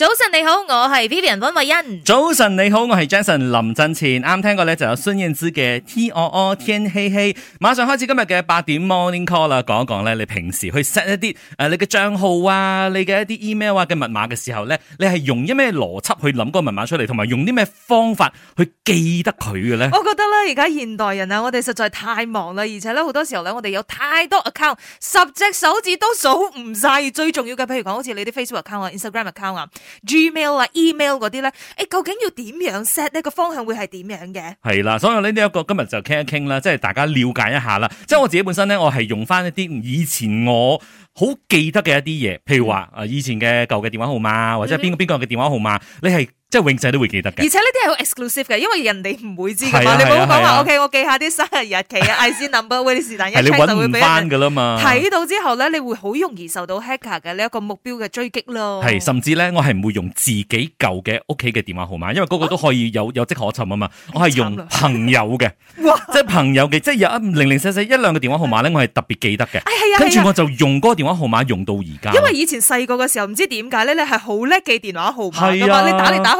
早晨你好，我係 Vivian 溫慧欣。早晨你好，我係 Jason 林振前。啱聽過咧就有孫燕姿嘅 T O O 天黑黑。馬上開始今日嘅八點 Morning Call 啦，講一講咧你平時去 set 一啲誒、呃、你嘅賬號啊，你嘅一啲 email 啊嘅密碼嘅時候咧，你係用一咩邏輯去諗嗰個密碼出嚟，同埋用啲咩方法去記得佢嘅咧？我覺得咧而家現代人啊，我哋實在太忙啦，而且咧好多時候咧我哋有太多 account，十隻手指都數唔晒。最重要嘅，譬如講好似你啲 Facebook account 啊、Instagram account 啊。Gmail 啊，email 嗰啲咧，誒，究竟要點樣 set 呢？個方向會係點樣嘅？係啦，所以呢呢一個今日就傾一傾啦，即係大家了解一下啦。即係我自己本身咧，我係用翻一啲以前我好記得嘅一啲嘢，譬如話誒以前嘅舊嘅電話號碼，或者邊個邊個嘅電話號碼， 你係。即係永世都會記得嘅，而且呢啲係好 exclusive 嘅，因為人哋唔會知噶嘛。你唔好講話，OK，我記下啲生日日期啊，IC number，whitelist，一切就會俾人睇到之後咧，你會好容易受到 hacker 嘅呢一個目標嘅追擊咯。係，甚至咧，我係唔會用自己舊嘅屋企嘅電話號碼，因為嗰個都可以有有跡可尋啊嘛。我係用朋友嘅，即係朋友嘅，即係有零零四四一兩個電話號碼咧，我係特別記得嘅。跟住我就用嗰個電話號碼用到而家。因為以前細個嘅時候唔知點解咧，你係好叻記電話號碼，你打嚟打。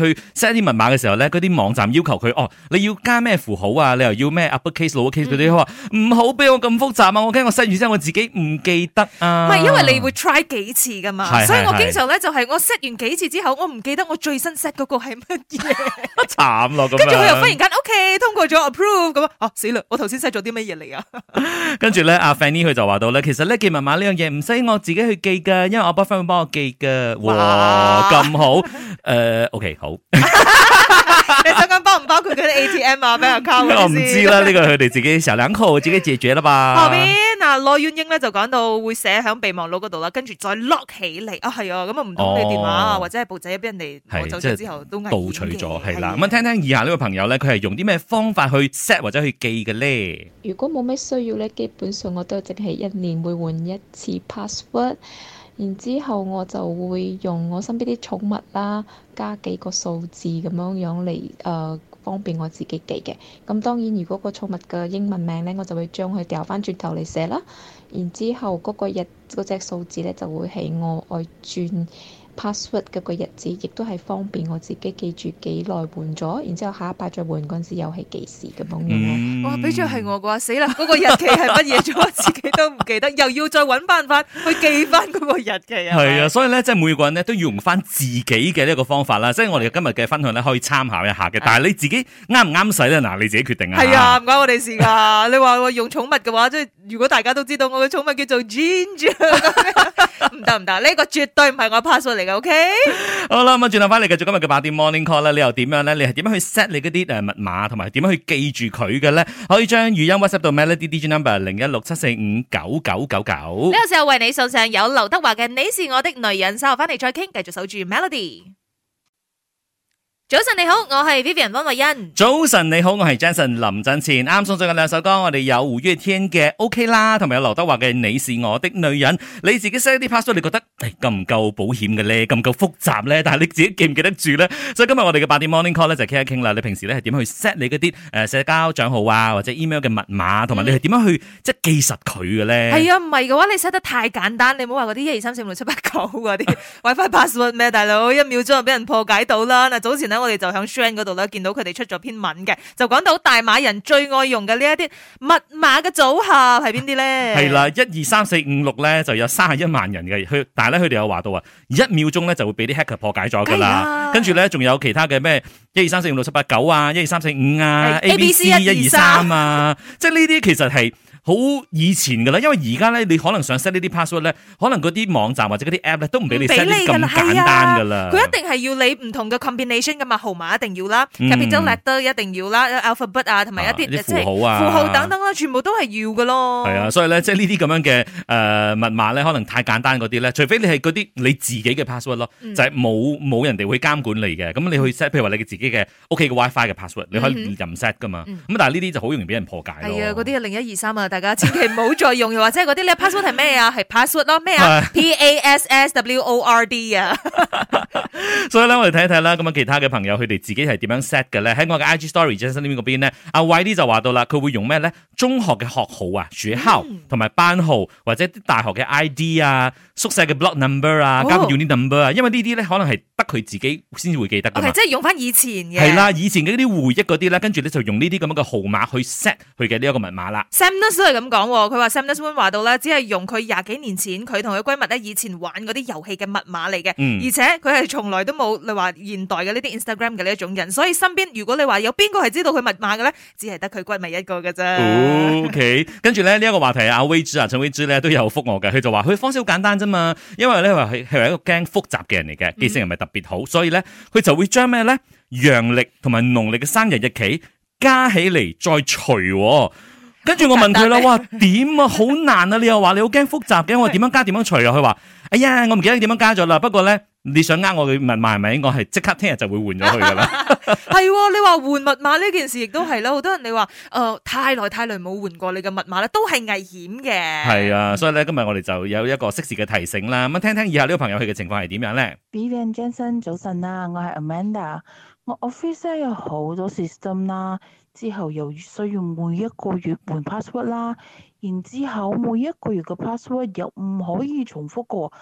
去 set 啲密碼嘅時候咧，嗰啲網站要求佢哦，你要加咩符號啊？你又要咩 upper case lower case 嗰啲？佢話唔好俾我咁複雜啊！我驚我 set 完之後我自己唔記得啊！唔係因為你會 try 幾次噶嘛，是是是是所以我經常咧就係我 set 完幾次之後，我唔記得我最新 set 嗰個係乜嘢，慘咯 跟住佢又忽然間 OK 通過咗 approve 咁哦死啦！我頭先 set 咗啲乜嘢嚟啊？ 跟住咧阿 Fanny 佢就話到咧，其實咧記密碼呢樣嘢唔使我自己去記噶，因為我爸 friend 會幫我記噶，哇咁好誒、 呃、，OK 好。 你想講包唔包括嗰啲 ATM 啊？俾 我敲我唔知啦，呢、這個佢哋自己成兩口自己借住啦嘛。後邊嗱羅婉英咧就講到會寫喺備忘錄嗰度啦，跟住再 lock 起嚟啊，係啊。咁啊唔通你電話、哦、或者係部仔俾人哋是攞走咗之後都盜取咗，係啦、啊。咁啊，啊、嗯，聽聽以下呢個朋友咧，佢係用啲咩方法去 set 或者去記嘅咧？如果冇咩需要咧，基本上我都淨係一年會換一次 password。然之後我就會用我身邊啲寵物啦，加幾個數字咁樣樣嚟，誒、呃、方便我自己記嘅。咁當然如果個寵物嘅英文名咧，我就會將佢掉返轉頭嚟寫啦。然之後嗰個日嗰隻數字咧就會喺我外轉。password 嘅個日子，亦都係方便我自己記住幾耐換咗，然之後下一拜再換嗰陣時又係幾時咁樣咯。嗯、哇我俾咗係我話死啦，嗰、嗰個日期係乜嘢咗， 我自己都唔記得，又要再揾辦法去記翻嗰個日期啊。係啊， 所以咧即係每個人咧都用翻自己嘅呢一個方法啦。即係我哋今日嘅分享咧可以參考一下嘅，但係你自己啱唔啱使咧？嗱，你自己決定啊。係啊，唔關我哋事㗎。 你話我用寵物嘅話，即係如果大家都知道我嘅寵物叫做 Ginger。 得唔得唔得，呢、 這個絕對唔係我 password 嚟嘅，OK？好啦，咁轉頭翻嚟繼續今日嘅八點 morning call 咧，你又點樣咧？你係點樣去 set 你嗰啲誒密碼，同埋點樣去記住佢嘅咧？可以將語音 whatsapp 到 Melody D J number 零一六七四五九九九九。呢個時候為你送上有劉德華嘅你是我的女人，稍後翻嚟再傾，繼續守住 Melody。早晨你好，我係 Vivian 溫慧欣。早晨你好，我係 Jason 林振前。啱送最近兩首歌，我哋有胡月天嘅 OK 啦，同埋有劉德華嘅你是我的女人。你自己 set 啲 password，你覺得誒夠唔夠保險嘅咧？夠唔夠複雜咧？但係你自己記唔記得住咧？所以今日我哋嘅八點 morning call 咧就傾一傾啦。你平時咧係點去 set 你嗰啲誒社交賬號啊或者 email 嘅密碼，同埋你係點樣去即係記實佢嘅咧？係啊、嗯，唔係嘅話你 set 得太簡單，你冇話嗰啲一二三四五六七八九嗰啲 wifi password 咩大佬，一秒鐘就俾人破解到啦。嗱，早前咧。我哋就響 Shan 嗰度咧，見到佢哋出咗篇文嘅，就講到大馬人最愛用嘅呢一啲密碼嘅組合係邊啲咧？係、啊、啦，一二三四五六咧就有三十一萬人嘅，佢但係咧佢哋有話到啊，一秒鐘咧就會俾啲 Hacker 破解咗噶啦，哎、呀跟住咧仲有其他嘅咩一二三四五六七八九啊，一二三四五啊，A B C 一二三啊，即係呢啲其實係。好以前噶啦，因為而家咧，你可能想 set 呢啲 password 咧，可能嗰啲網站或者嗰啲 app 咧，都唔俾你 set 得咁簡單噶啦。係啊，佢一定係要你唔同嘅 combination 噶嘛，號碼一定要啦，入邊將 letter 一定要啦，alphabet 啊，同埋一啲符號啊，符號等等啦，全部都係要嘅咯。係啊，所以咧，即係呢啲咁樣嘅誒密碼咧，可能太簡單嗰啲咧，除非你係嗰啲你自己嘅 password 咯，就係冇冇人哋會監管你嘅。咁你去 set，譬如話你自己嘅屋企嘅 wifi 嘅 password，你可以任 set 噶嘛。咁但係呢啲就好容易俾人破解咯。係啊，嗰啲係零一二三啊。大家千祈唔好再用，又或者嗰啲咧，password 係咩啊？係 password 咯咩啊 ？P A S S W O R D 啊 ！所以咧，我哋睇一睇啦。咁啊，其他嘅朋友佢哋自己係點樣 set 嘅咧？喺我嘅 I G Story 最新呢邊咧，阿、啊、Y D 就話到啦，佢會用咩咧？中學嘅學號啊、學校同埋班號，或者啲大學嘅 I D 啊、宿舍嘅 block number 啊，包括 unit number 啊，因為呢啲咧可能係得佢自己先至會記得噶嘛。Okay, 即係用翻以前嘅，係啦，以前嘅啲回憶嗰啲咧，跟住咧就用呢啲咁樣嘅號碼去 set 佢嘅呢一個密碼啦。Sam。都係咁講，佢話 Samus One 話到咧，只係用佢廿幾年前佢同佢閨蜜咧以前玩嗰啲遊戲嘅密碼嚟嘅，嗯、而且佢係從來都冇你話現代嘅呢啲 Instagram 嘅呢一種人，所以身邊如果你話有邊個係知道佢密碼嘅咧，只係得佢閨蜜一個嘅啫，okay。O K，跟住咧呢一個話題阿 Wee G 啊，陳、啊、Wee G 咧都有復我嘅，佢就話佢方式好簡單啫嘛，因為咧話佢係一個驚複雜嘅人嚟嘅，嗯、記性又咪特別好，所以咧佢就會將咩咧陽曆同埋農曆嘅生日日期加起嚟再除。跟住我問佢啦，哇，點啊， 好難啊！你又話你好驚複雜嘅，我點樣加點樣除啊？佢話：哎呀，我唔記得你點樣加咗啦。不過咧，你想呃我嘅密碼係咪？我係即刻聽日就會換咗佢噶啦。係，你話換密碼呢件事亦都係囉。好 多人你話，誒、呃，太耐太耐冇換過你嘅密碼咧，都係危險嘅。係啊，所以咧今日我哋就有一個適時嘅提醒啦。咁啊，聽聽以下呢個朋友佢嘅情況係點樣咧 b e n Johnson，早晨啊，我, Am 我係 Amanda，我 office 有好多 system 啦。之後又需要每一個月換 password 啦，然之後每一個月嘅 password 又唔可以重複過，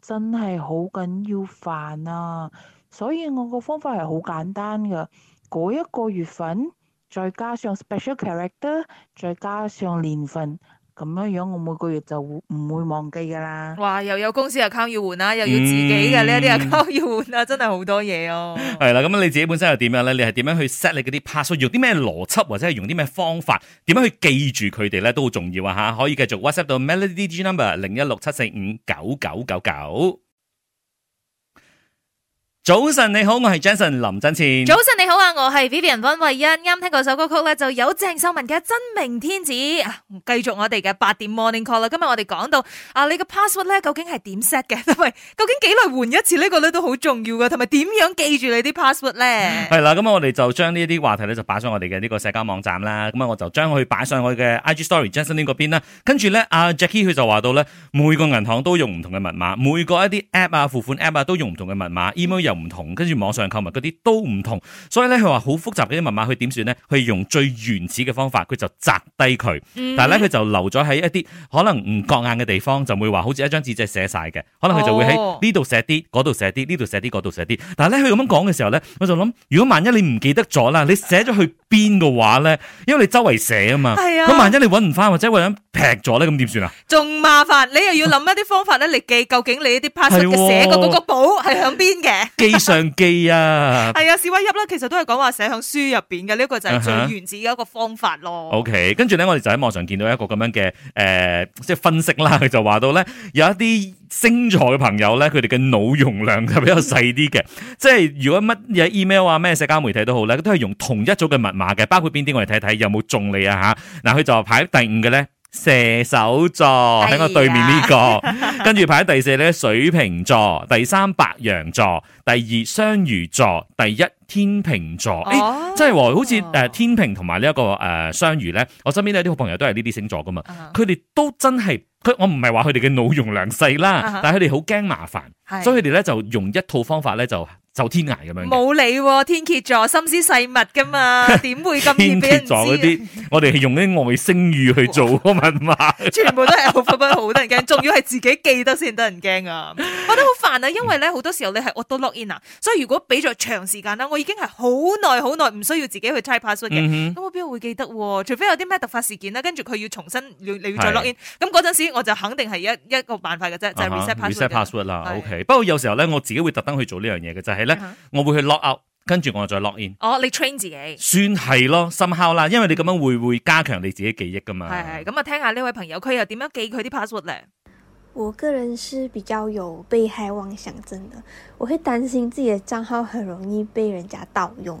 真係好緊要煩啊！所以我個方法係好簡單嘅，嗰一個月份再加上 special character，再加上年份。咁樣樣我每個月就唔會忘記噶啦。哇，又有公司 account 要換啦，又要自己嘅呢啲 account 要換啦，真係好多嘢哦、啊。係啦，咁你自己本身又點樣咧？你係點樣去 set 你嗰啲 password？用啲咩邏輯或者係用啲咩方法？點樣去記住佢哋咧都好重要啊吓，可以繼續 WhatsApp 到 Melody D Number 零一六七四五九九九九。早晨你好，我係 Jason 林振前。早晨你好啊，我係 Vivian 溫慧欣。啱聽嗰首歌曲咧，就有鄭秀文嘅《真命天子》。啊、繼續我哋嘅八點 Morning Call 啦。今日我哋講到啊，你嘅 password 咧究竟係點 set 嘅？同究竟幾耐換一次個呢個咧都好重要嘅。同埋點樣記住你啲 password 咧？係啦、嗯，咁啊我哋就將呢啲話題咧就擺上我哋嘅呢個社交網站啦。咁啊我就將佢擺上我嘅 I G Story Jason Lee 嗰邊啦。跟住咧阿 Jackie 佢就話到咧，每個銀行都用唔同嘅密碼，每個一啲 app 啊付款 app 啊都用唔同嘅密碼 email 唔同，跟住網上購物嗰啲都唔同，所以咧佢話好複雜嘅啲密碼，佢點算咧？佢用最原始嘅方法，佢就摘低佢。嗯、但係咧佢就留咗喺一啲可能唔覺眼嘅地方，就唔會話好似一張紙仔寫晒嘅。可能佢就會喺呢度寫啲、哦，嗰度寫啲，呢度寫啲，嗰度寫啲。但係咧佢咁樣講嘅時候咧，我就諗，如果萬一你唔記得咗啦，你寫咗去邊嘅話咧，因為你周圍寫啊嘛，咁、啊、萬一你揾唔翻或者為咗劈咗咧，咁點算啊？仲麻煩，你又要諗一啲方法咧嚟記，究竟你一啲 password 嘅寫嘅嗰個簿係響邊嘅？機上機啊，係啊，試位入啦，其實都係講話寫響書入邊嘅。呢、這個就係最原始嘅一個方法咯。Uh huh. OK，跟住咧，我哋就喺網上見到一個咁樣嘅，誒、呃，即係分析啦，佢就話到咧有一啲星座嘅朋友咧，佢哋嘅腦容量就比較細啲嘅， 即係如果乜嘢 email 啊，咩社交媒體都好咧，都係用同一組嘅密碼嘅，包括邊啲我哋睇睇有冇中你啊吓，嗱、啊，佢就排第五嘅咧。射手座喺我對面呢、這個，跟住 排喺第四咧，水瓶座，第三白羊座，第二雙魚座，第一天秤座，誒、哦欸，真係話、哦、好似誒、呃、天秤同埋呢一個誒雙魚咧，我身邊呢啲好朋友都係呢啲星座㗎嘛，佢哋、uh huh. 都真係，佢我唔係話佢哋嘅腦容量細啦，uh huh. 但係佢哋好驚麻煩，uh huh. 所以佢哋咧就用一套方法咧就。走天涯咁樣，冇你天蠍座心思細密噶嘛，點會咁易俾人知？天蠍座嗰啲，我哋係用啲外星語去做噶嘛，全部都係好忽得人驚，仲要係自己記得先得人驚啊！我覺得好煩啊，因為咧好多時候你係我都 login 啊，所以如果俾咗長時間啦，我已經係好耐好耐唔需要自己去 type password 嘅，咁我邊會記得？除非有啲咩突發事件啦，跟住佢要重新你要再 login，咁嗰陣時我就肯定係一一個辦法嘅啫，就 reset password 啦。OK，不過有時候咧，我自己會特登去做呢樣嘢嘅，就係。咧， 我會去 log out，跟住我再 log in。哦，oh，你 train 自己，算係咯，深敲啦，因為你咁樣會會加強你自己記憶噶嘛。係係，咁、嗯、啊，聽下呢位朋友佢又點樣記佢啲 password 咧？ 我個人是比較有被害妄想症，嘅，我會擔心自己嘅賬號很容易被人家盜用。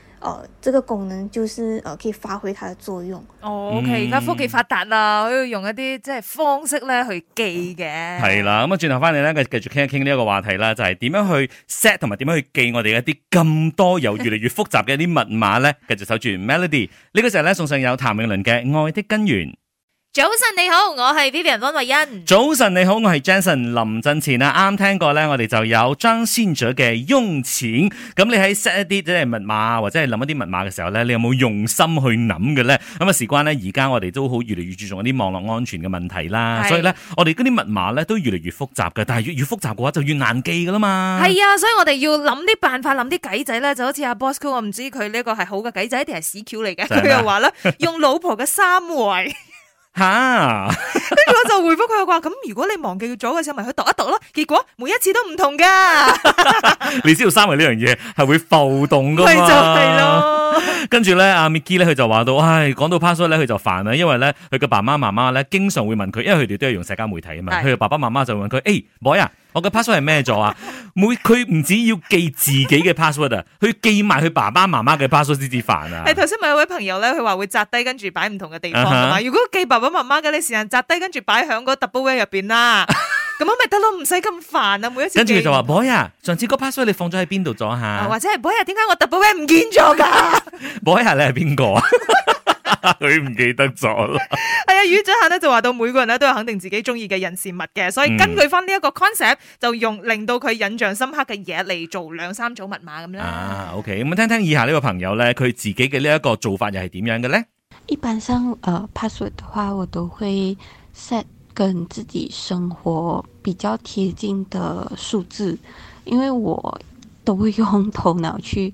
哦，呢、呃這個功能就是，哦、呃，可以發揮它嘅作用。哦，OK，而家科技發達啦，我要用一啲即係方式咧去記嘅。係啦、嗯，咁啊，轉頭翻嚟咧，繼續傾一傾呢一個話題啦，就係、是、點樣去 set 同埋點樣去記我哋一啲咁多有越嚟越複雜嘅一啲密碼咧。繼 續守住 Melody，呢個時候咧送上有譚詠麟嘅《愛的根源》。早晨你好，我係 Vivian 方慧欣。早晨你好，我係 Jason 林振前啊！啱聽過咧，我哋就有張先咗嘅用錢。咁你喺 set 一啲即係密碼或者係諗一啲密碼嘅時候咧，你有冇用心去諗嘅咧？咁啊，事關咧，而家我哋都好越嚟越注重一啲網絡安全嘅問題啦。是所以咧，我哋嗰啲密碼咧都越嚟越複雜嘅。但係越越複雜嘅話就越難記噶啦嘛。係啊，所以我哋要諗啲辦法，諗啲計仔咧，就好似阿 Bosco 我唔知佢呢個係好嘅計仔定係屎 Q 嚟嘅。佢又話咧，用老婆嘅三圍。吓，跟住哈 我就回覆佢話：咁 如果你忘記咗嘅時候，咪去讀一讀咯。結果每一次都唔同噶。 你知道三圍呢樣嘢係會浮動噶嘛？ 就係是咯了。跟住咧，阿 Miki 咧，佢就話到，唉，講到 password 咧，佢就煩啦，因為咧，佢嘅爸爸媽媽咧，經常會問佢，因為佢哋都係用社交媒體啊嘛。佢嘅爸爸媽媽就問佢：誒、哎、，boy 啊。我嘅 password 係咩咗啊？每佢唔止要記自己嘅 password，啊，佢記埋佢爸爸媽媽嘅 password 先至煩啊！係頭先有位朋友咧，佢話會扎低跟住擺唔同嘅地方啊嘛？Uh huh. 如果記爸爸媽媽嘅，你時間扎低跟住擺喺嗰 double way 入邊啦，咁我咪得咯，唔使咁煩啊！每一次跟住佢就話 boy 啊，上次個 password 你放咗喺邊度咗吓？或者係 boy 啊？點解我 double way 唔見咗噶？boy 啊，你係邊個啊？佢唔 記得咗啦。係啊，宇總下咧就話到每個人咧都有肯定自己中意嘅人事物嘅，所以根據翻呢一個 concept，就用令到佢印象深刻嘅嘢嚟做兩三組密碼咁啦。啊，OK 咁聽聽以下呢個朋友咧，佢自己嘅呢一個做法又係點樣嘅咧？一般生誒 password 嘅話，我都會 set 跟自己生活比較貼近嘅數字，因為我都會用頭腦去。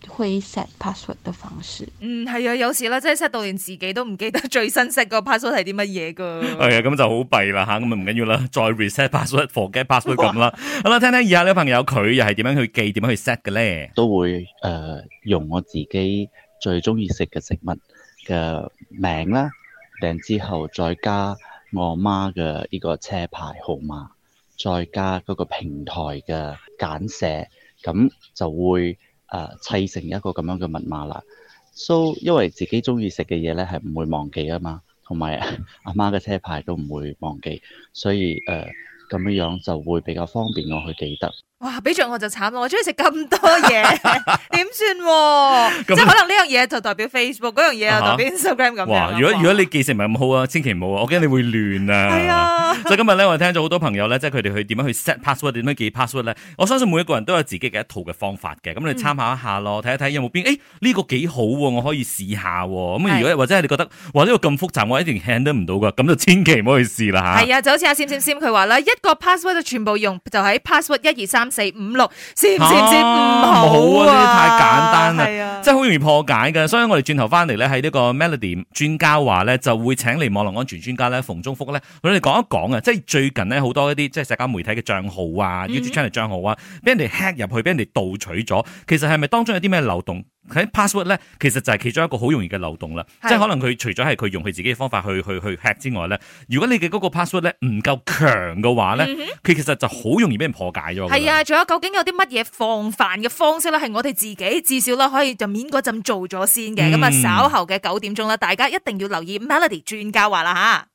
去 set password 嘅方式，嗯，係啊，有時咧，真係 set 到連自己都唔記得最新 set 個 password 係啲乜嘢噶，係啊，咁就好弊啦吓，咁咪唔緊要啦，再 reset password，forget password 咁啦。好啦哇、嗯，聽聽以下呢個朋友佢又係點樣去記，點樣去 set 嘅咧？都會誒、呃、用我自己最中意食嘅食物嘅名啦，然之後再加我媽嘅呢個車牌號碼，再加嗰個平台嘅簡寫，咁就會。砌、uh, 成一個咁樣嘅密碼啦。So, 因為自己鍾意食嘅嘢咧係唔會忘記啊嘛，同埋阿媽嘅車牌都唔會忘記，所以誒咁、uh, 樣樣就會比較方便我去記得。哇！畀着我就慘咯，我中意食咁多嘢，點算、 啊？即係可能呢樣嘢就代表 Facebook，嗰樣嘢 又代表 Instagram 咁樣、啊。哇！如果如果你記性唔係咁好啊，千祈唔好啊，我驚你會亂啊。係 是啊，所以今日咧，我聽咗好多朋友咧，即係佢哋去點樣去 set password，點樣記 password 咧。我相信每一個人都有自己嘅一套嘅方法嘅，咁你參考一下咯，睇一睇有冇邊？誒、哎、呢、這個幾好喎，我可以試下喎。咁如果或者你覺得哇呢、這個咁複雜，我一定 handle 唔到㗎，咁就千祈唔好去試啦嚇。係啊，啊，就好似阿閃閃閃佢話啦，一個 password 全部用就喺 password 一二三。四五六，係唔係唔好啊？啊啊太簡單啦，啊、真係好容易破解噶。所以我哋轉頭翻嚟咧，喺呢個 melody 專家話咧，就會請嚟網絡安全專家咧，馮中福咧，佢哋講一講啊，即係最近咧好多一啲即係社交媒體嘅賬號啊，YouTube 賬號啊，俾、啊、人哋 hack 入去，俾人哋盜取咗，其實係咪當中有啲咩漏洞？喺 password 咧，其實就係其中一個好容易嘅漏洞啦。是即係可能佢除咗係佢用佢自己嘅方法去去去 hack 之外咧，如果你嘅嗰個 password 咧唔夠強嘅話咧，佢、嗯、哼其實就好容易俾人破解咗。係啊，仲有究竟有啲乜嘢防範嘅方式咧？係我哋自己至少啦，可以就免嗰陣做咗先嘅。咁啊、嗯，稍後嘅九點鐘啦，大家一定要留意 Melody 專家話啦吓。